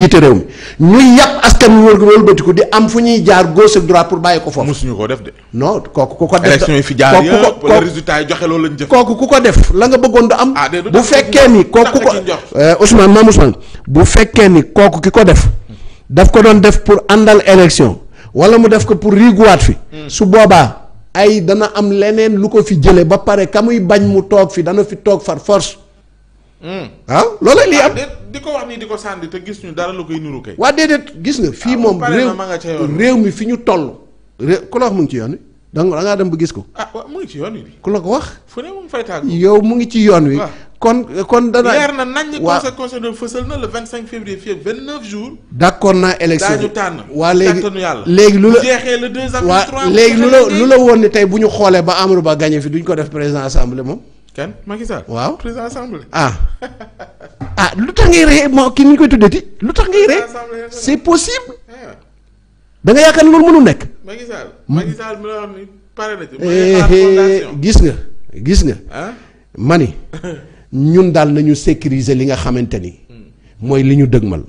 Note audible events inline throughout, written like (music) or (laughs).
jiite réew mi ñuy yàpp askan wi wër wëlbatiku di am fu ñuy jaar gauche ak droite pour bàyyi ko foofu. mosuñu ko def de. non kooku ko def élection yi fi jaar yëpp wala joxe loolu lañ jëf. kooku ko def la nga bëggoon du am. Ah, bu fekkee ni kooku ko eh, Ousmane maam Ousmane bu fekkee ni kooku ki ko def daf ko doon def pour àndal élection wala mu def ko pour riiguwaat fi. Hmm. su boobaa ay dana am leneen lu ko fi jëlee ba pare ka muy bañ mu toog fi dana fi toog far force. Hmm. ah loolu lii am ah, di ko wax nii di ko sànni te gis ñu dara lu koy nuru kay. waa déedéet gis nga fii ah, moom réew réew mi fi ñu toll. réew ku la wax mu ngi ci yoon wi da ngaa dem ba gis ko. Ah, mu ngi ci yoon la ko wax. fu ne yow mu ngi ci yoon wi. kon kon dana leer na nañ. waaw conseil conseil de fësal na le vingt cinq février fii ak vingt neuf jours. d' accord naa élection daañu tànn. waa léegi léegi lu la jeexee lu la woon ni tey bu ñu xoolee ba Amadou Ba gagné fi duñ ko def président assemblée moom kan Macky Sall waaw président assemblée. ah ah lu tax ngay ree moo kii ni ñu koy tuddati lu tax ngay ree c'est possible. Ah. da nga yaakaar loolu mënul nekk. Macky Sall hmm. Macky Sall mi la eh, eh, gis nga gis nga. Ah. ma ni (laughs) ñun daal nañu sécuriser li nga xamante ni. Hmm. mooy li ñu dëgmal.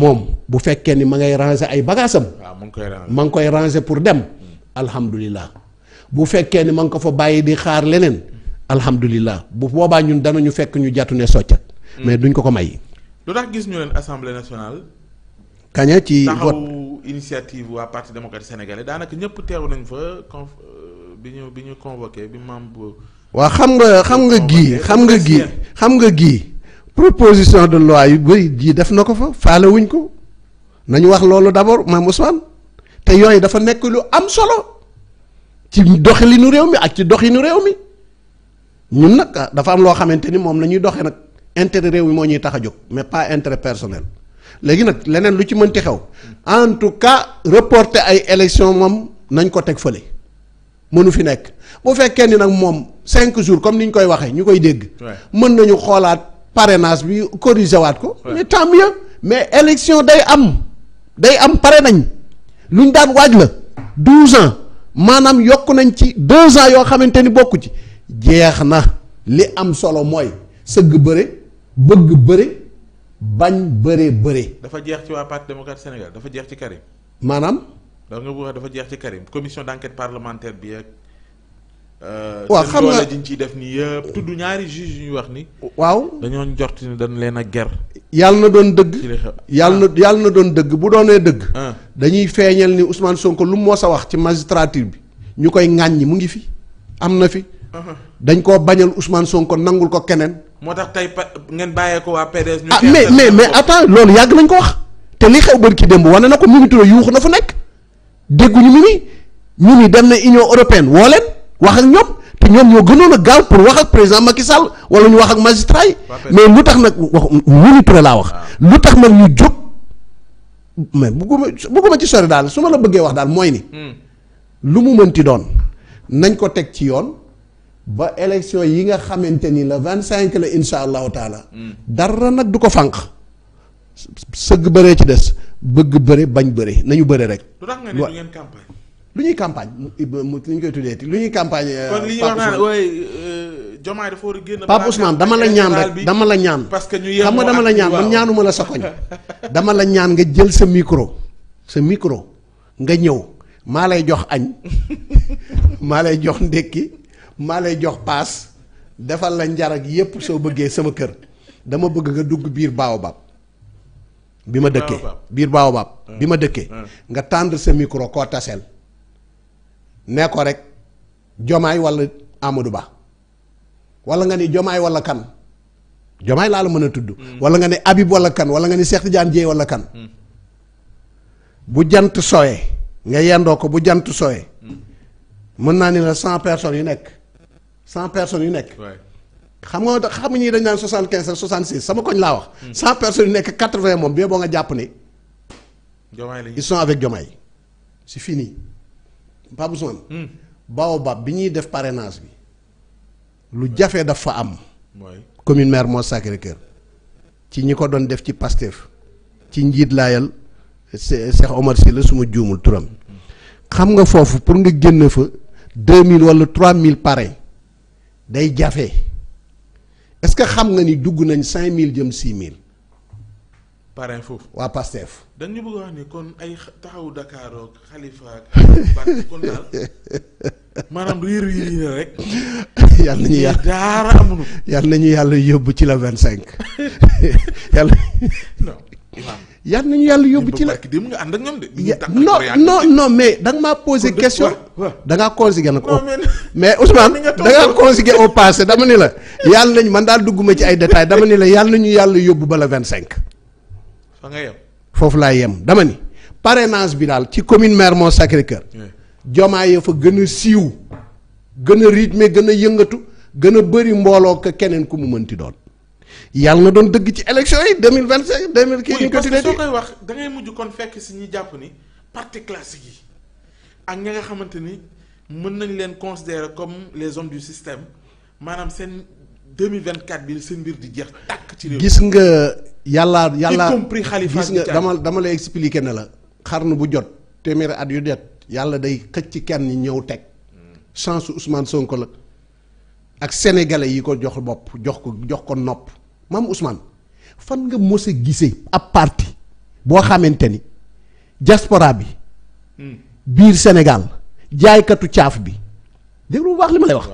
moom bu fekkee ni ma ngay ranger ay bagaasam. Ah, ma ngi koy ranger pour dem. Hmm. alhamdulilah. bu fekkee ne ma nga ko fa bàyyi di xaar leneen alhamdulilah bu boobaa ñun ñu fekk ñu jàttu ne soccat mm. mais duñ ko ko may. lu tax gis ñu leen assemblée nationale. kaña ci vote initiative waa parti démocratique sénégalais daanaka ñëpp teew nañ fa euh, bi ñu bi ñu convoqué bi membre. waa xam nga xam nga gii xam nga gii xam nga gii proposition de loi yi bëri jii def na ko fa faale ko nañu wax loolu d'abord maam Ousmane te yooyu dafa nekk lu am solo. ci doxalinu réew mi ak ci dox doxinu réew mi ñun nag ah, dafa am loo xamante ni moom la ñuy doxee nag intérêt réew mi moo ñuy tax a jóg mais pas intérêt personnel léegi nag leneen lu ci mënti xew en tout cas reporter ay élection moom nañ ko teg fële mënu fi nekk bu fekkee ni nag moom cinq jours comme ni ñu koy waxee ñu koy dégg. mën nañu xoolaat parrainage bi corrigé waat ko. mais tant mieux mais élection day am day am pare nañ luñ daan waaj la douze ans. maanaam yokk nañ ci deux ans yoo xamante ni bokku ci jeex na li am solo mooy sëgg bëre bëgg bëre bañ bëre bëre. dafa jeex ci waa parti démocrate Sénégal dafa jeex ci Karim. maanaam. da nga wax dafa jeex ci Karim commission d'enquête parlementaire bi ak. Euh, waaw xam nga seen doole ciy def nii yëpp tudd ñaari juge yu ñuy wax ni. waaw dañoo njort ni dañ leen a ger. yàlla na doon dëgg. yàlla na ah. yàlla na doon dëgg bu doonee dëgg. Ah. dañuy feeñal ni Ousmane Sonko lu moo sa wax ci magistrature bi ñu koy ŋàññi mu ngi fi am na fi. Ah. dañ koo bañal Ousmane Sonko nangul ko keneen. moo tax tey ngeen bàyyee ko waa PDS. ñu mais mais mais attends loolu yàgg nañ ko wax. te li xew bari démb wane na ko Mimi Touré yuuxu na fu nekk dégguñu Mimi Mimi dem na Union européenne woo leen wax ak ñoom te ñoom ñoo gënoon a gaaw pour wax ak président Macky Sall wala ñu wax ak magistrat yi mais lu tax nag mu Mimi Touré laa wax ah. lu tax nag ñu jóg mais bugguma bugguma ci sori daal su ma la bëggee wax daal mooy ni hmm. lu mu mënti doon nañ ko teg ci yoon ba élection yi nga xamante ni le vingt cinq la insha allahu taala hmm. dara nag du ko fànq sëgg bëree ci des bëgg bëre bañ bëre nañu bëre rek lu tax nga ne lu ñuy campagne mu lu koy tuddee lu ñuy euh, li ñuy wax naan ooy euh, génn. Pape dama la ñaan rek dama la ñaan. parce que ñu xam nga dama la ñaan man ñaanuma la (laughs) dama la ñaan nga jël sa micro sa micro nga ñëw maa lay jox añ (laughs) maa lay jox ndékki maa lay jox paas defal la njarag yépp soo bëggee sama kër dama bëgg nga dugg biir baobab bi ma dëkkee biir baaw baobab bi ma dëkkee nga tendre sa micro koo taseel ne rek jomaay wala amadu Ba wala nga ni jomaay wala kan jomaay laa la mën a tudd. Mm. wala nga ni Habib wala kan wala nga ni Cheikh jaan Dièye wala kan. Mm. bu jant sooyee nga yendoo ko bu jant sooyee. Mm. mën naa ni la cent personnes yu nekk cent personnes yu nekk. xam nga xam ñi dañ naan soixante quinze ak sama koñ laa wax. cent personnes yu nekk quatre vingt moom bee boo nga jàpp ni. jomaay lañuy ils sont avec jomaay c'est fini. Pape Ousmane. Baobab bi ñuy def parrainage bi lu jafe dafa am. commune maire moo Sacré-Cœur ci ñi ko doon def ci Pastef ci njiit laayal Cheikh Omar Sy la su juumul turam xam nga foofu pour nga génn fa deux mille wala trois mille parrain day jafe est-ce que xam nga ni dugg nañ cinq mille jëm six mille. parrain foofu waa Pastef. dañ ñu bëgg wax ni kon ay taxawu Dakar ak Khalifa ak (laughs) kon daal maanaam riir riir yi rek. (laughs) yàlla nañu yàlla yàlla yóbbu ci la vingt cinq yàlla. non yàlla nañu yàlla yóbbu ci la. (laughs) ñun nga ànd ak ñoom de. non non non mais da nga maa posé question. da ngaa nag. Oh, mais Ousmane da ngaa consigné dama ni la. yàlla na nañu man daal dugguma ci ay détails dama ni la yàlla na ñu yàlla yóbbu bala la vingt cinq. fa nga yem foofu laay yem dama ni parrainage bi daal ci commune Mermoz Sacré-Cœur jomaay ya fa gën a siiw gën a rythme gën a yëngatu gën a bëri mbooloo ko keneen ku mu mënti doon yàlla na doon dëgg ci election yi deux mille vingt cinq deux mille kii ñu ko tuddee soo koy wax da ngay mujj kon fekk si ñi jàpp ni parti classique yi ak ña nga xamante ni mën nañ leen considérer comme les hommes du système maanaam seen deux vingt quatre bi seen mbir di jeex tàkk ci réew gis nga yàlla yàlla y compris xalifa gis dama dama lay expliquer ne la xarnu bu jot téeméeri at yu det yàlla day xëcc ci kenn ñëw teg hmm. chance Ousmane Sonko la ak sénégalais yi ko jox bopp jox ko jox ko nopp maam Ousmane fan nga mës a ab parti boo xamante ni diaspora bi hmm. biir Sénégal jaaykatu caaf bi déglu bu baax li ma lay wax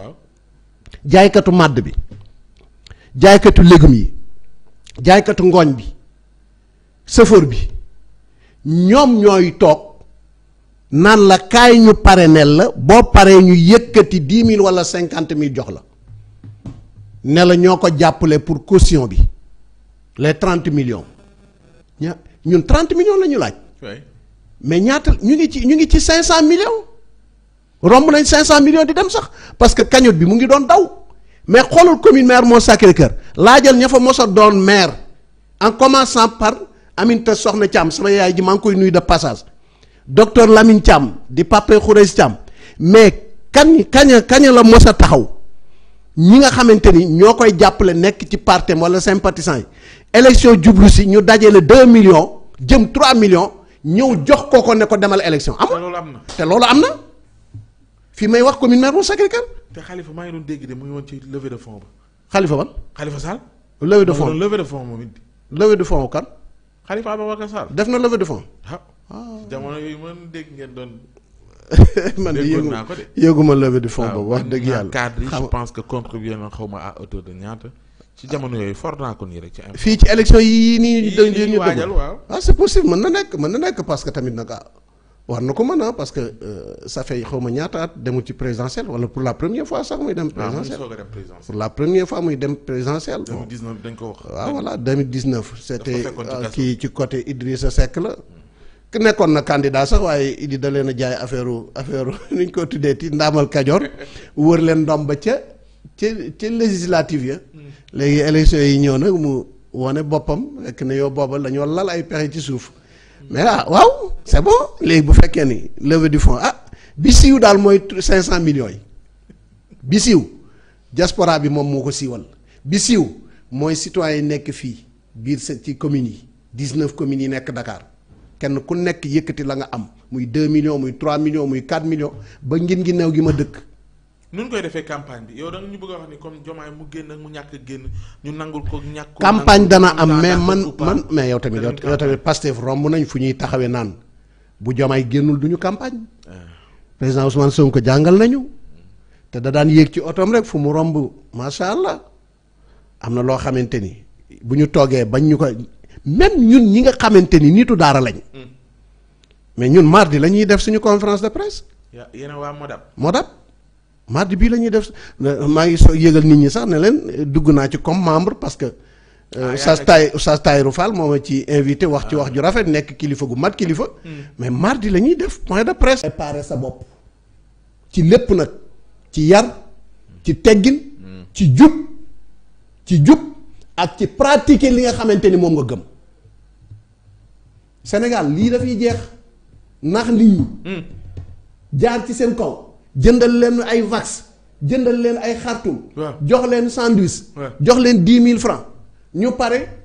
jaaykatu màdd bi jaaykatu légumes yi jaaykatu ngooñ bi sëfoor bi ñoom ñooy toog naan la kaay ñu parrainel la boo paree ñu yëkkati dix mille wala cinquante mille jox la ne la ñoo ko jàppale pour caution bi les trente million ña ñun trente millions la ñu laaj. mais ñaata ñu ngi ci ñu ngi ci cinq cent millions romb nañ cinq cent millions di dem sax parce que cagnotte bi mu ngi doon daw. mais xoolal commune maire moo Sacré-Cœur laajal ña fa moso doon maire en commençant par Aminata Soxna Thiam sama yaay ji maa ngi koy nuyu de passage docteur Lamine Thiam di Pape Khourès Thiam mais kañ kaña kaña la mos a taxaw ñi nga xamante ni ñoo koy jàppale nekk ci partem wala sympathisant yi élection jublu si ñu dajale deux millions jëm trois millions ñëw jox kooko ne ko demal élection amul te loolu am na fi may wax commune maire moo Sacré-Cœur te xalifa maa ngi doon dégg de mu ngi woon ci levée de fonds ba. xalifa ban. xalifa Sall. levée de fonds moom levée de fonds moom it. levée de fonds kan. def na levée de fonds. waaw ah. ah. jamono yooyu man dégg ngeen doon. (laughs) man yëgu naa ko de yëguma levée de fonds ah, wax dëgg yàlla. cadre yi je que contribué xaw ma à ñaata. ci jamono yooyu for naa ko nii rek ci. fii ci élection yii nii. yii nii waajal ah c'est possible mën na nekk mën na nekk parce que tamit nag war na ko mën a ah, parce que euh, ça fait ma ñaata at demul ci présidentielle wala pour la première fois sax muy dem. Ah, présidentielle pour la première fois muy dem présidentielle. 2019 dañ ko wax. waaw ah, voilà 2019. c'était euh, kii ci côté Idrissa Seck la. ku nekkoon na candidat sax waaye Idi da leen a jaay affaire affaire (laughs) nu ñu ko tuddee ti ndaamal Kajoor (laughs) wër leen ndom ba ca ca ca législative ya. léegi élection yi ñëw nag mu wane boppam fekk ne yow booba la ñu lal ay pexe ci suuf. mais c'est bon léegi bu fekkee ni levée du fonds ah bi siiw daal mooy cinq cent millions yi bi siiw diaspora bi moom moo ko siiwal bi siiw mooy citoyen yi nekk fii biir sa ci communes yi dix-neuf communes yi nekk Dakar kenn ku nekk yëkkati la nga am muy deux millions muy trois millions muy quatre millions ba ngin gi neew gi ma dëkk nun koy defee campagne bi yow da ñu bëgg a wax ni comme jomaay mu génn ak mu ñàkk génn ñu nangul ko ñàkk campagne dana am mais man man mais yow tamit yow tamit Pastef nañ fu ñuy taxawee naan bu jomaay génnul du ñu campagne président Ousmane ko jàngal nañu te da daan yéeg ci otoom rek fu mu romb macha allah am na loo xamante ni bu ñu toogee bañ ñu ko même ñun ñi nga xamante ni nitu daara lañ mais ñun mardi la ñuy def suñu conférence de presse. waa Modap. Modap mardi bii la ñuy def maa ngi so yëgal nit ñi sax ne leen dugg naa ci comme membre parce que. Euh, ah, Oustaz Tay Oustaz Tayrou Fall ci invité wax ci wax ju rafet nekk kilifa gu mat kilifa. Hmm. mais mardi la ñuy def point de presse. préparer sa bopp ci lépp nag ci yar ci teggin hmm. ci jub ci jub ak ci pratiquer li nga xamante ni moom nga gëm Sénégal lii dafay jeex nax nit ñi. Hmm. jaar ci seen kaw jëndal leen ay vax jëndal leen ay xartum jox leen sandwich. jox leen dix mille francs ñu pare